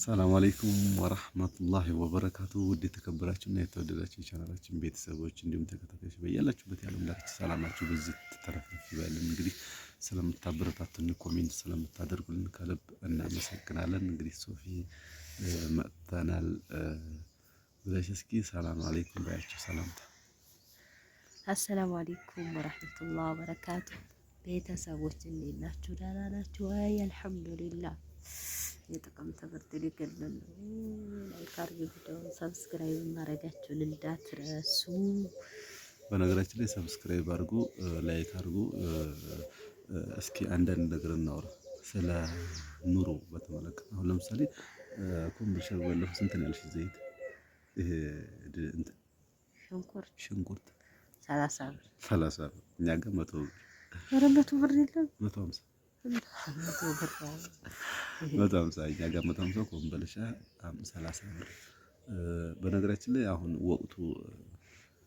ሰላም አለይኩም ወራህመቱላሂ ወበረካቱ። ውድ የተከበራችሁ እና የተወደዳችሁ የቻናላችን ቤተሰቦች እንዲሁም ተከታታዮች በያላችሁበት የዓለም ዳርቻ ሰላማችሁ በዚህ ተተረፈፍ ይበልን። እንግዲህ ስለምታበረታቱን ኮሜንት ስለምታደርጉልን ከልብ እናመሰግናለን። እንግዲህ ሶፊ መጥተናል ብለሽ እስኪ ሰላም አለይኩም ባያቸው ሰላምታ። አሰላሙ አለይኩም ወራህመቱላሂ ወበረካቱ ቤተሰቦች እንዴት ናችሁ? ደህና ናችሁ? አይ አልሐምዱሊላ። የጥቅም ትምህርት ሊገለል ላይካር ቪዲዮ ሰብስክራይብ ማድረጋችሁን እንዳትረሱ። በነገራችን ላይ ሰብስክራይብ አድርጉ፣ ላይክ አድርጉ። እስኪ አንዳንድ ነገር እናውራ ስለ ኑሮ በተመለከተ። አሁን ለምሳሌ ኮምቦልቻ ባለፈው ስንት ነው ያልሽ? ዘይት ይሄ እንትን ሽንኩርት ሽንኩርት ሰላሳ ብር ሰላሳ ብር እኛ ጋር መቶ ብር ኧረ መቶ ብር የለም መቶ ሀምሳ መቶ ሀምሳ እኛ ጋር መቶ ሀምሳ ኮምበልሻ ሰላሳ ብር። በነገራችን ላይ አሁን ወቅቱ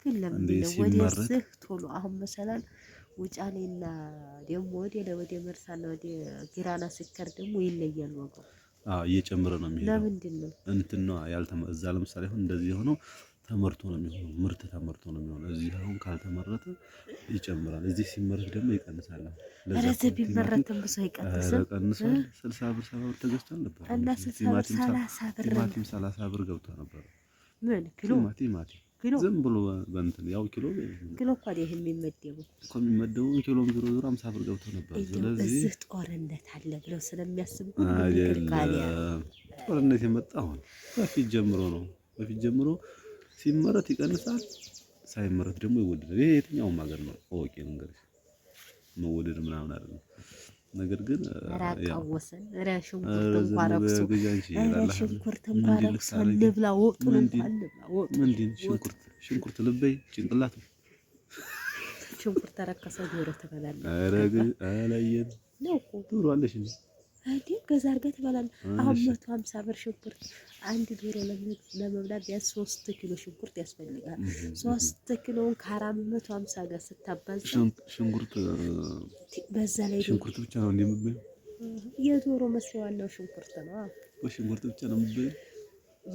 ግን ለምንድነው ወደዚህ ቶሎ አሁን መሰላል ውጫሌና ደግሞ ወደ ወደ መርሳና ወደ ጊራና ስከር ደግሞ ይለያል ዋጋው እየጨመረ ነው የሚሄደው። ለምንድን ነው እንትን ነው ያልተማ እዛ ለምሳሌ አሁን እንደዚህ የሆነው ተመርቶ ነው የሚሆነው። ምርት ተመርቶ ነው የሚሆነው። እዚህ አሁን ካልተመረተ ይጨምራል፣ እዚህ ሲመረት ደግሞ ይቀንሳል። ለዚህ ቢመረትም ብዙ አይቀንስም። ስልሳ ብር ሰባ ብር ነበር እና ቲማቲም ሰላሳ ብር ገብቶ ነበር። ምን ኪሎ ቲማቲም ዝም ብሎ በእንትን ያው ኪሎ ኪሎ እኮ አይደል የሚመደቡ እኮ የሚመደቡ ዞሮ ዞሮ አምሳ ብር ገብቶ ነበር። ስለዚህ እዚህ ጦርነት አለ ብለው ስለሚያስቡ ጦርነት የመጣ አሁን በፊት ጀምሮ ነው በፊት ጀምሮ ሲመረት ይቀንሳል፣ ሳይመረት ደግሞ ይወደዳል። ይሄ የትኛውም ሀገር ነው ታወቂ ነገር መወደድ ምናምን አይደለም። ነገር ግን ሽንኩርት ልበይ ጭንቅላት ሽንኩርት ተረከሰ ጆሮ ትበላለህ። አረግ አላየን ነው ዶሮ አለሽ እንዴ? እንዴ በዛ አድርገህ ትበላለህ። አሁን መቶ ሀምሳ ብር ሽንኩርት አንድ ዶሮ ለመብላት ቢያንስ ሶስት ኪሎ ሽንኩርት ያስፈልጋል። ሶስት ኪሎውን ከአራት መቶ ሀምሳ ጋር ስታባዝ ሽንኩርት በዛ ላይ ሽንኩርት ብቻ ነው እንደምበል የዶሮ መስሪያ ዋናው ሽንኩርት ነው። ሽንኩርት ብቻ ነው የምበል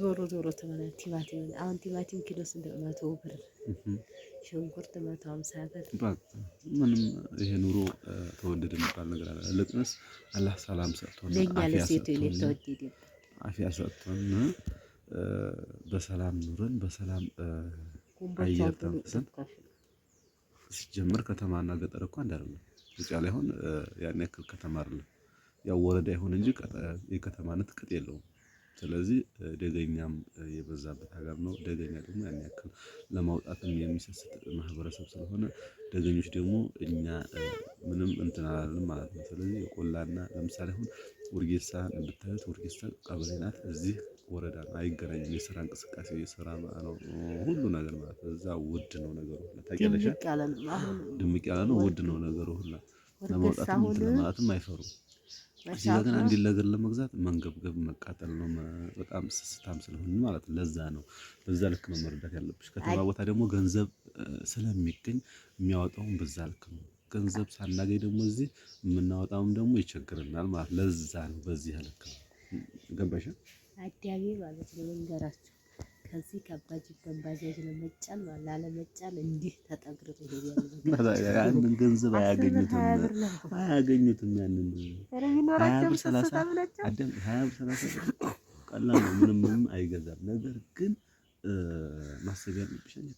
ዞሮ ዞሮ ትበላለህ። ቲማቲም አሁን ቲማቲም ኪሎ ስንት መቶ ብር ሽንኩርት መቶ ሀምሳ ብር። ምንም ይሄ ኑሮ ተወደደ የሚባል ነገር አለ። ልቅንስ አላህ ሰላም ሰጥቶ ለእኛ ለሴቱ የተወደደ አፊያ ሰጥቶን በሰላም ኑረን በሰላም አየር ተንፍሰን ሲጀምር ከተማና ገጠር እኮ አንድ አይደለም። ውጫ ላይ አሁን ያን ያክል ከተማ አይደለም ያው ወረዳ ይሁን እንጂ የከተማነት ቅጥ የለውም። ስለዚህ ደገኛም የበዛበት ሀገር ነው። ደገኛ ደግሞ ያን ያክል ለማውጣትም የሚሰስት ማህበረሰብ ስለሆነ ደገኞች ደግሞ እኛ ምንም እንትን አላልንም ማለት ነው። ስለዚህ የቆላና ለምሳሌ አሁን ውርጌሳን ብታዩት ውርጌሳ ቀበሌ ናት። እዚህ ወረዳ አይገናኝም። የስራ እንቅስቃሴ የስራ ነው ሁሉ ነገር ማለት ነው። እዛ ውድ ነው ነገሩ ሁላ ታውቂያለሽ። ድምቅ ያለ ነው ውድ ነው ነገሩ ሁላ ለማውጣትም ማለትም አይፈሩም። እዛ ግን አንድ ነገር ለመግዛት መንገብገብ መቃጠል ነው። በጣም ስስታም ስለሆን ማለት ነው። ለዛ ነው በዛ ልክ ነው መረዳት ያለብሽ። ከተማ ቦታ ደግሞ ገንዘብ ስለሚገኝ የሚያወጣውም በዛ ልክ ነው። ገንዘብ ሳናገኝ ደግሞ እዚህ የምናወጣውም ደግሞ ይቸግረናል ማለት ለዛ ነው። በዚህ ልክ ነው ገባሽ? አዲያቤ ማለት ነው መንገራቸው ከዚህ ከባጅ በባጃጅ ለመጫን ላለመጫን እንዲህ ተጠግረው ይሄዳሉ። ገንዘብ አያገኙትም አያገኙትም። ያንን ሀያ ብር ሰላሳ ቀላል ነው፣ ምንም ምንም አይገዛም። ነገር ግን ማሰቢያ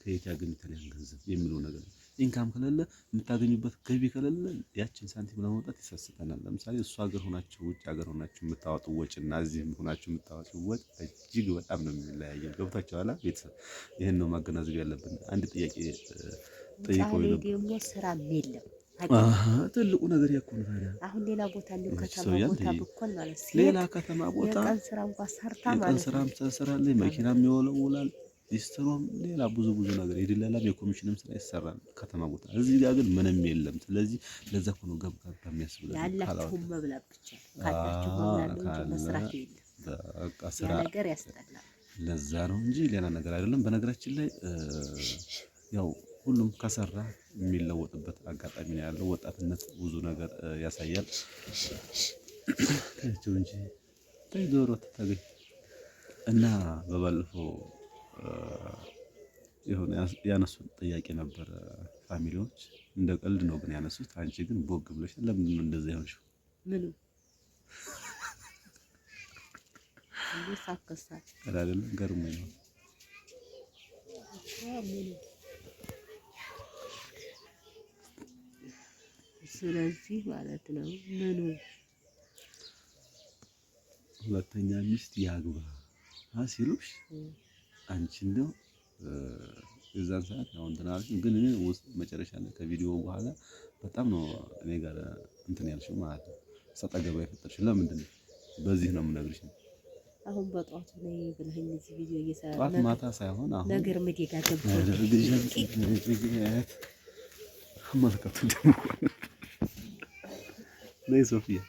ከየት ያገኙታል ያን ገንዘብ የሚለው ነገር ነው። ኢንካም ከሌለ የምታገኙበት ገቢ ከሌለ ያችን ሳንቲም ለማውጣት ይሰስተናል። ለምሳሌ እሱ ሀገር ሆናችሁ ውጭ ሀገር ሆናችሁ የምታወጡ ወጭ እና እዚህም ሆናችሁ የምታወጡ ወጭ እጅግ በጣም ነው የሚለያየው። ገብታችኋል ቤተሰብ? ይህን ነው ማገናዘብ ያለብን። አንድ ጥያቄ ጠይቀው ስራም የለም ትልቁ ነገር ያኩን ታዲያ አሁን ሌላ ቦታ እንዲሁ ከተማ ቦታ ብኮን ማለት ሌላ ከተማ ቦታ የቀን ስራ እንኳን ሰርታ ማለት የቀን ስራም ትሰራለች፣ መኪናም ይወለውላል ሊስትሮም ሌላ ብዙ ብዙ ነገር የድለላም የኮሚሽንም ስራ ይሰራል ከተማ ቦታ። እዚህ ጋር ግን ምንም የለም። ስለዚህ ለዛ ሆኖ ገብጋብ ከሚያስብል ያላችሁም መብላት ብቻ ካላችሁ በቃ ስራ ነገር ያስጠላል። ለዛ ነው እንጂ ሌላ ነገር አይደለም። በነገራችን ላይ ያው ሁሉም ከሰራ የሚለወጥበት አጋጣሚ ነው ያለው። ወጣትነት ብዙ ነገር ያሳያል። ታቸው እንጂ ተይ ዶሮ ተገኝ እና በባለፈው የሆነ ያነሱት ጥያቄ ነበር ፋሚሊዎች እንደ ቀልድ ነው ግን ያነሱት። አንቺ ግን ቦግ ብሎች ለምንድን ነው እንደዛ የሆንሽው? አይደለም ገርሞኝ ነው ስለዚህ ማለት ነው ምኑ ሁለተኛ ሚስት ያግባ ሲሉሽ አንቺን ነው እዛን ሰዓት አሁን ተናልሽ ግን እኔ ውስጥ መጨረሻ ላይ ከቪዲዮ በኋላ በጣም ነው እኔ ጋር እንትን ያልሽው ማለት ነው። ሰጣ ገባ የፈጠርሽው ለምንድን ነው? በዚህ ነው የምነግርሽ። አሁን በጧቱ ላይ ብለኸኝ እዚህ ቪዲዮ እየሰራ ጧት ማታ ሳይሆን አሁን ነገር መደጋ መልከቱ ደግሞ ነይ ሶፊያ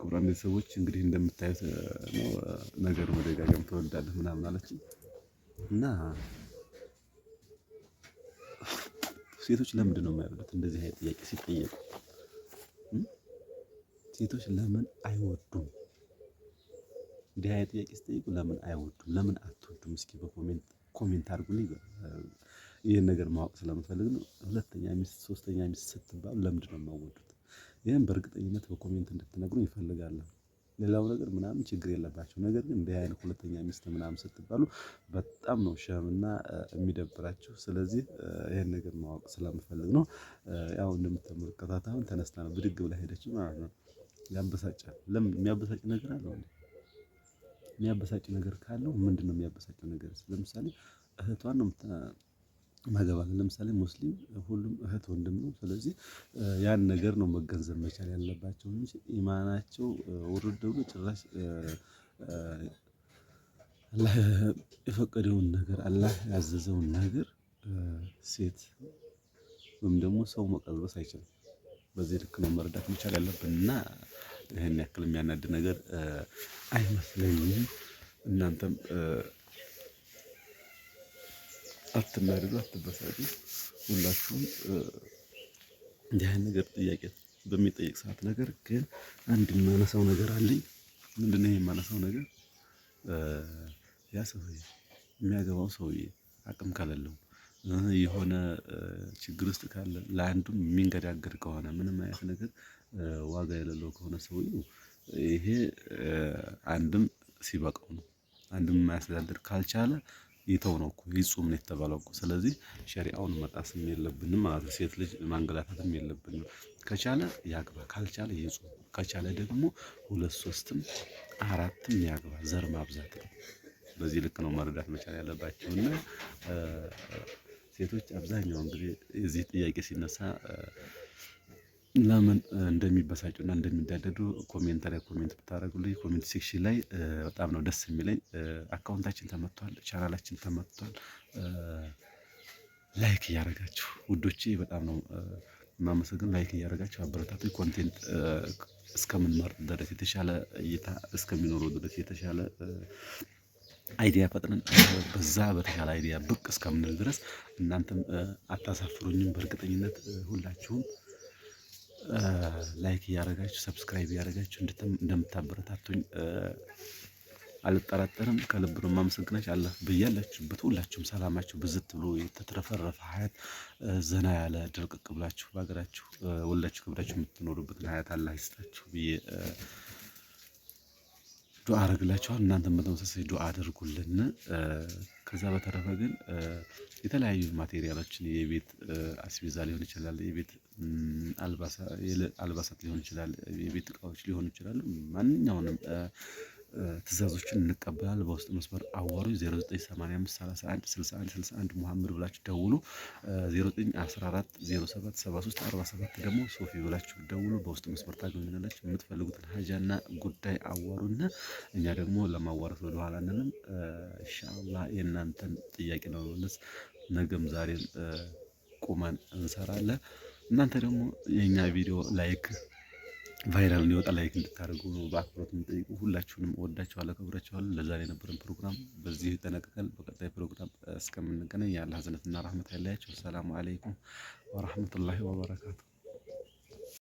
ክቡራን ቤተሰቦች እንግዲህ እንደምታዩት ነው ነገሩ መደጋገም ተወዳለ ምናምን አለችኝ እና ሴቶች ነው የማይወዱት እንደዚህ አይነት ጥያቄ ሲጠየቁ ሴቶች ለምን አይወዱም እንዲህ አይነት ጥያቄ ሲጠየቁ ለምን አይወዱም ለምን አትወዱም እስኪ በኮሜንት ኮሜንት አድርጉልኝ ይህን ነገር ማወቅ ስለምፈልግ ነው ሁለተኛ ሚስት ሶስተኛ ሚስት ስትባሉ ነው የማወዱት ይህም በእርግጠኝነት በኮሜንት እንድትነግሩ ይፈልጋለሁ። ሌላው ነገር ምናምን ችግር የለባቸው። ነገር ግን እንዲህ አይነት ሁለተኛ ሚስት ምናምን ስትባሉ በጣም ነው ሸምና የሚደብራችሁ። ስለዚህ ይህን ነገር ማወቅ ስለምፈልግ ነው። ያው እንደምትመለከቷት አሁን ተነስታ ነው ብድግ ብላ ሄደች ማለት ነው። ያበሳጫል። ለምን የሚያበሳጭ ነገር አለው? የሚያበሳጭ ነገር ካለው ምንድን ነው የሚያበሳጭ ነገር? ለምሳሌ እህቷን ነው እናገባለን ለምሳሌ ሙስሊም ሁሉም እህት ወንድም ነው። ስለዚህ ያን ነገር ነው መገንዘብ መቻል ያለባቸው እንጂ ኢማናቸው ውርድ ብሎ ጭራሽ አላህ የፈቀደውን ነገር አላህ ያዘዘውን ነገር ሴት ወይም ደግሞ ሰው መቀልበስ አይችልም። በዚህ ልክ ነው መረዳት መቻል ያለብን እና ይሄን ያክል የሚያናድ ነገር አይመስለኝም። እናንተም አትናደዱ፣ አትበሳጩ። ሁላችሁም እንዲህ አይነት ነገር ጥያቄ በሚጠይቅ ሰዓት ነገር ግን አንድ የማነሳው ነገር አለኝ። ምንድነው የማነሳው ነገር? ያ ሰውዬ የሚያገባው ሰውዬ አቅም ከሌለው የሆነ ችግር ውስጥ ካለ ለአንዱም የሚንገዳገድ ከሆነ ምንም አይነት ነገር ዋጋ የሌለው ከሆነ ሰውዬው ይሄ አንድም ሲበቃው ነው አንድም የማያስተዳድር ካልቻለ ይተው ነው እኮ ይጹም ነው የተባለው እኮ። ስለዚህ ሸሪአውን መጣስም የለብንም ማለት ሴት ልጅ ማንገላታትም የለብንም። ከቻለ ያግባ፣ ካልቻለ ይጹም፣ ከቻለ ደግሞ ሁለት ሶስትም አራትም ያግባ። ዘር ማብዛት ነው። በዚህ ልክ ነው መረዳት መቻል ያለባቸውና ሴቶች አብዛኛውን ጊዜ እዚህ ጥያቄ ሲነሳ ለምን እና እንደሚዳደዱ ኮሜንት ላይ ኮሜንት ብታደረጉልኝ ኮሜንት ሴክሽን ላይ በጣም ነው ደስ የሚለኝ። አካውንታችን ተመቷል፣ ቻናላችን ተመቷል። ላይክ እያደረጋችሁ ውዶቼ በጣም ነው ማመሰግን። ላይክ እያደረጋችሁ አበረታቱ። ኮንቴንት እስከምንመርጥ ድረስ የተሻለ እይታ እስከሚኖረው ድረስ የተሻለ አይዲያ ፈጥነን በዛ በተሻለ አይዲያ ብቅ እስከምንል ድረስ እናንተም አታሳፍሩኝም። በእርግጠኝነት ሁላችሁም ላይክ እያደረጋችሁ ሰብስክራይብ እያደረጋችሁ እንደምታበረታቱኝ አልጠራጠርም። ከልብ ነው የማመሰግናችሁ። አለ በያላችሁበት ሁላችሁም ሰላማችሁ ብዝት ብሎ የተትረፈረፈ ሀያት ዘና ያለ ድርቅቅ ብላችሁ በሀገራችሁ ወላችሁ ከብዳችሁ የምትኖሩበትን ሀያት አላህ ይስጣችሁ ብዬ ዱዓ አድርግላቸዋል። እናንተም በተመሳሳይ ዱዓ አድርጉልን። ከዛ በተረፈ ግን የተለያዩ ማቴሪያሎችን የቤት አስቤዛ ሊሆን ይችላል፣ የቤት አልባሳት ሊሆን ይችላል፣ የቤት እቃዎች ሊሆኑ ይችላሉ። ማንኛውንም ትእዛዞችን እንቀበላል። በውስጥ መስመር አዋሩ 0985316161 ሙሐመድ ብላችሁ ደውሉ። 0914077347 ደግሞ ሶፊ ብላችሁ ደውሉ። በውስጥ መስመር ታገኙናላችሁ። የምትፈልጉትን ሀጃና ጉዳይ አዋሩና እኛ ደግሞ ለማዋረት ወደኋላ እንልም። ኢንሻላ የእናንተን ጥያቄ ለመመለስ ነገም ዛሬም ቁመን እንሰራለን። እናንተ ደግሞ የእኛ ቪዲዮ ላይክ ቫይራል እንዲወጣ ላይክ እንድታደርጉ በአክብሮት እንጠይቁ። ሁላችሁንም እወዳችኋለሁ፣ አከብራችኋለሁ። ለዛሬ የነበረን ፕሮግራም በዚህ ተጠናቀቀል። በቀጣይ ፕሮግራም እስከምንገናኝ ያለ ሀዘነትና ራህመት አይለያችሁ። ሰላም አለይኩም ወራህመቱላሂ ወበረካቱሁ።